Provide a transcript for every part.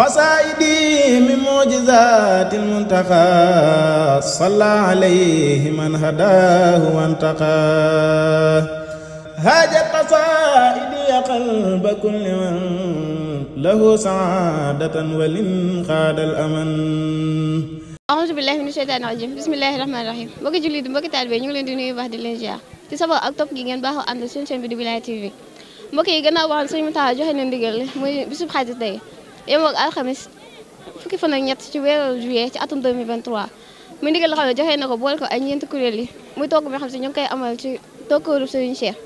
قصائدي من معجزات المنتقى صلى عليه من هداه وانتقى هاجت قصائدي قلب كل من له سعادة ولن خاد الأمن أعوذ بالله من الشيطان الرجيم بسم الله الرحمن الرحيم mbokk jullit mbokk taalibe ñu ngi leen di nuyu baax di leen ziar ci sabab ak topp gi ngeen baaxoo ànd seen chaîne bi di Wilaya TV mbokk yi gannaaw waxoon sëñ Mountakha joxe na ndigal muy bisub xaalis tey yemoog alxamis fukki fan ak ñett ci weeru juillet ci atum 2023 muy ndigal loo xam ne joxe na ko boole ko ay ñeenti kuréel yi muy togg bi xam si ñu ngi koy amal ci tokkoorub Serigne Cheikh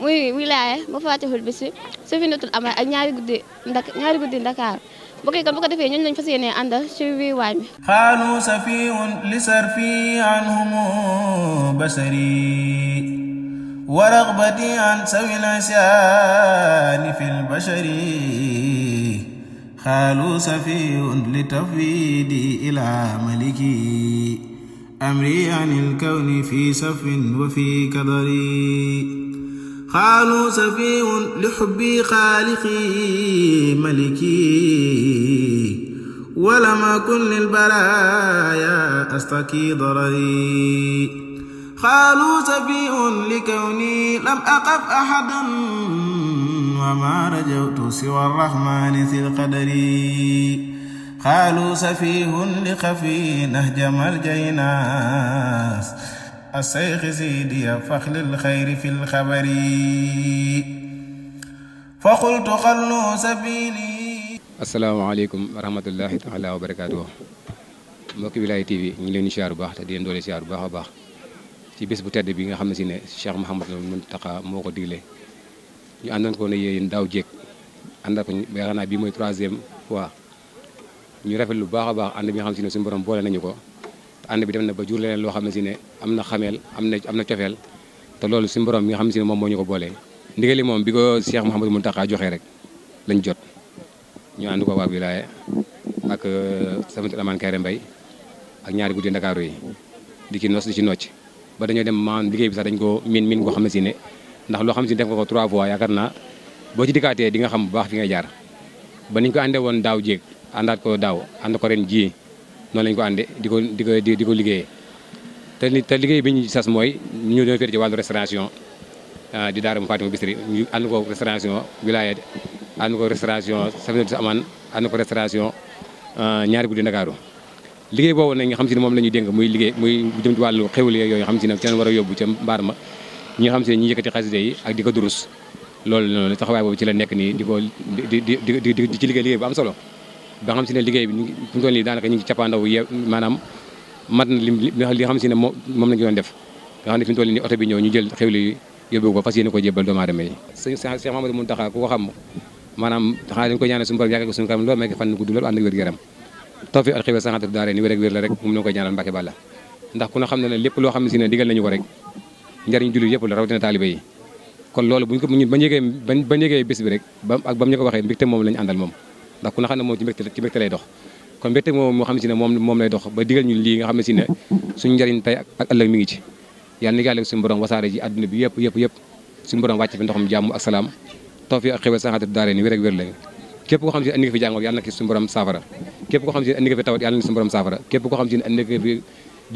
muy wilaya ba faatixul bi si safinatul amal ak ñaari guddi ndak ñaari guddi Dakar mbokk yi kon bu ko defee ñun lañ fas yéenee àndal ci biir waañ bi xaalu safiun li sarfi anhum basari wa ragbati an sawil insaani fil bashari xaalu safiyun li tafwidi ila maliki amri anil kawni fi safin wa fi kadari xaalu safiyun li xubbi xaaliqi maliki walam akun lil baraaya astaki darari قالوا سفيه لكوني لم أقف أحدا وما رجوت سوى الرحمن ذي القدر قالوا سفيه لخفي نهج مرجيناس الشيخ سيدي فخل الخير في الخبر فقلت خلوا سبيلي asalaamaaleykum wa rahmatullahi taala wa barakaatu mbokki Wilaya TV ñu ngi leen di siyaar bu baax te di leen doole siyaar bu baax a baax ci bés bu tedd bi nga xam ne si ne Cheikh Mouhamadul Mountakha moo ko digle ñu àndoon ko ne yéen daaw jéeg àndal ko mooy troisième fois ñu rafet lu baax a baax ànd bi xam si ne suñu borom boole nañu ko te bi dem na ba jur leneen loo xam ne si ne am na xameel am na am na cofeel te loolu suñu borom mi nga xam ne si ne moom moo ñu ko boolee ndigali moom bi ko Cheikh Mouhamadul Mountakha joxee rek lañ jot ñu ànd ko waa wilaaye ak euh, samit amaan kayre mbay ak ñaari guddi ndakaaru yi di ci nos di ci nocc ba dañoo dem maanaam liggéey bi sax dañ ko miin miin goo xam ne si ne ndax loo xam ne si ne def nga ko trois fois yaakaar naa boo ci dikkaatee di nga xam bu baax fi nga jaar ba niñ ko àndee woon daaw jéeg àndaat ko daaw ànd ko ren jii noonu lañ ko àndee di ko di ko di ko liggéeyee te te liggéey bi ñu sas mooy ñu doon féete ci wàllu restauration ah, di daar mu Fatima Bisri ñu ànd ko restauration wilaya ànd ko restauration Safinatoul Aman ànd ko restauration ah, ñaari guddi Ndakaaru liggéey boobu nag nga xam si ne moom la ñuy dénk muy liggéey muy jëm ci wàllu xewal yooyu xam si ne seen a yóbbu ca mbaar ma ñi nga nekk nii di ko di di am solo liggéey bi fu mu toll nii daanaka ñu ngi cappaandaw ye maanaam mat na li xam si ne moom doon def nga xam ne fi toll nii oto bi ñëw ñu jël xewli yi yóbbu ko fas yéene ko jébbal doomu aadama yi sëñ Cheikh Mamadou Mountakha ko xam maanaam xanaa dañ ko ñaanal suñu borom yàggal ko suñu kanam loolu may ko fan gudd loolu ànd ak wér-gu-yaram tawfiq ak xibaar saxaatu daare ni wér ak la rek loo xam ne ne digal ko rek njariñ yëpp la rawatina taalibe yi kon ko ñun moom lañu àndal na xam ne moom ci mbégte ci ne si ne moom moom lay ne si ak ëllëg mi ngi ci yàlla ni yàlla suñu borom wasaare ji yëpp yëpp yëpp suñu borom wàcc fi ndoxam jàmm ak salaam tawfiq ak daare ni wér ak la képp koo xam si andi fi jàngoor yàlla na ki suñu borom saafara képp ko xam si ne andi nga fi tawat yàlla na suñu borom saafara képp ko xam si ne andi nga fi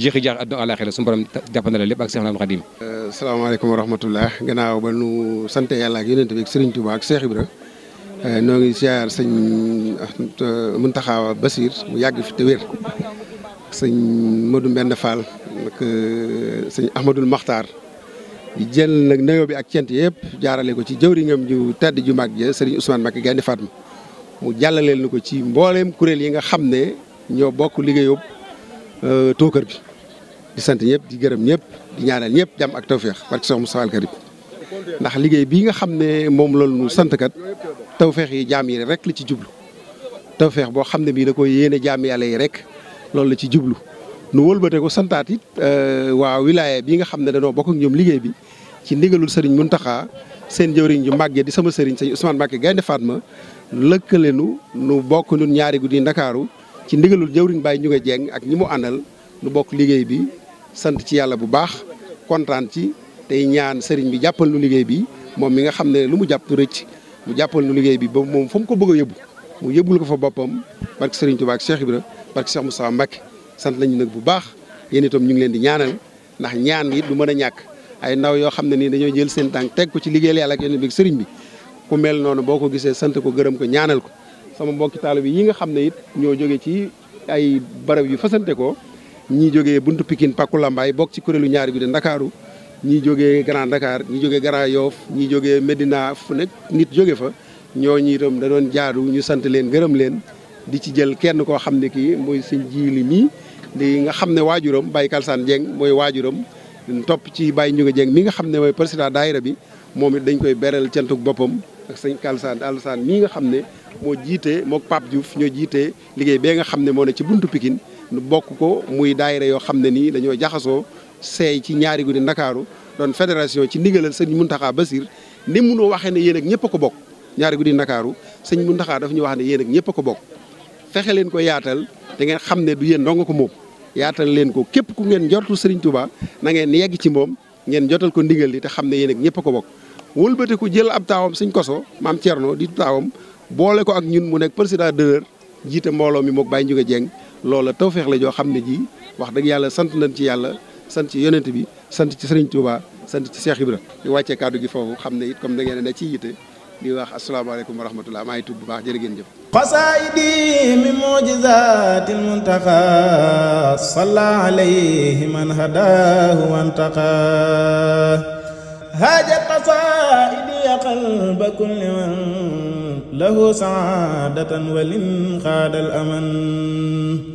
jeexi jaax àdduna àllaaxira suñu borom jàppandal lépp ak Seexul Xadiim euh, salaamaaleykum wa rahmatullah gannaaw ba nu sant yàlla ak yonent bi ak Serigne Touba ak Cheikh Ibra euh, noo ngi siyaar sëñ euh, Muntaxa Basiir mu yàgg fi te wér sëñ Modou Mbend Fall ak Ahmadul Maxtaar jël nag nayoo bi ak cent yëpp jaarale ko ci jëwriñam ju tedd ju mag ja sëriñ Ousmane Mbakke Gaynde Fatma mu jàllaleel ni ko ci mbooleem kuréel yi nga xam ne ñoo bokk liggéeyub euh, Tóokër bi di sant ñëpp di gërëm ñëpp di ñaanal ñëpp jàmm ak tawféex barke Seex mu al Karim ndax liggéey bi nga xam ne moom loolu nu sant kat tawféex yi jaam yi rek la ci jublu tawféex boo xam ne bii da ko yéene jaam yàlla yi rek loolu la ci jublu nu wëlbate ko santaat it euh, waa wilaya bii nga xam ne danoo bokk ak ñoom liggéey bi ci ndigalul Sëriñ Muntaxa seen jëwriñ ju màggee di sama sëriñ sëñ Ousmane Mbacke Gaynde Fatma lëkkalenu nu bokk ñun ñaari guddi Ndakaaru ci ndigalul jëwriñ Baye ñu nga jeng ak ñi mu àndal nu bokk liggéey bi sant ci yàlla bu baax kontaan ci tey ñaan sëriñ bi jàppal nu liggéey bi moom mi nga xam ne lu mu jàpp ci mu jàppal nu liggéey bi ba moom fa mu ko bëgg a yóbbu mu yóbbul ko fa boppam barke sëriñ Touba ak Cheikh Ibra barke mu Moussa Mbacke sant nañu nag bu baax yéen ñu ngi leen di ñaanal ndax ñaan yi du mën a ñàkk ay ndaw yoo xam ne nii dañoo jël seen tànk teg ko ci liggéeyal yàlla ak yonent bi sëriñ bi ku mel noonu boo ko gisee sant ko gërëm ko ñaanal ko sama mbokki taalibe yi nga xam ne it ñoo jóge ci ay barab yu fasante ko ñii jógee buntu Pikine Pakku Lambaay bokk ci kuréelu ñaari guddi Ndakaaru ñii jógee Grand Dakar ñii jógee Grand Yoff ñii jógee Medina fu nekk nit jóge fa ñoo itam da doon jaadu ñu sant leen gërëm leen di ci jël kenn koo xam ne kii mooy sëñ jiili mii di nga xam ne waajuram Baye Kalsaan Dieng mooy waajuram topp ci Baye Ndiouga Dieng mi nga xam ne mooy président daayira bi moom it dañ koy beral cantuk boppam ak sëñ Kalsaan Alsaan mii nga xam ne moo jiite mook Pape Diouf ñoo jiitee liggéey bee nga xam ne moo ne ci buntu pikin nu bokk ko muy daayira yoo xam ne nii dañoo jaxasoo seey ci ñaari guddi Ndakaaru doon fédération ci ndigalal sëñ Mountakha Basir ni munoo waxee ne yéen ak ñëpp a ko bokk ñaari guddi Ndakaaru sëñ Mountakha daf ñu wax ne yéen ak ñëpp ko bokk fexe leen ko yaatal da ngeen xam ne du yéen dong ko moom yaatal leen ko képp ku ngeen njortu Serigne Touba nangeen ngeen yegg ci moom ngeen jotal ko ndigal li te xam ne yéen ak ñëpp a ko bokk. wëlbate ku jël ab taawam Serigne Kosso maam Thierno di taawam boole ko ak ñun mu nekk président d'honneur jiite mbooloo mi moog Baye Ndiouga Dieng loola tawféex la joo xam ne ji wax dëgg yàlla sant nañ ci yàlla sant ci yonent bi sant ci Serigne Touba sant ci seex Cheikh Ibra di wàccee kàddu gi foofu xam ne it comme da ngeen ne ci yitte di wax asalaamaaleykum wa rahmatulah maa ngi tudd bu baax jërë ngeen jëf. xasaayidi min mujizaatil muntaqa salla alayhi man hadaahu wantaqa haaja qasaayidi ya qalba kulli man lahu saadatan walin qaadal aman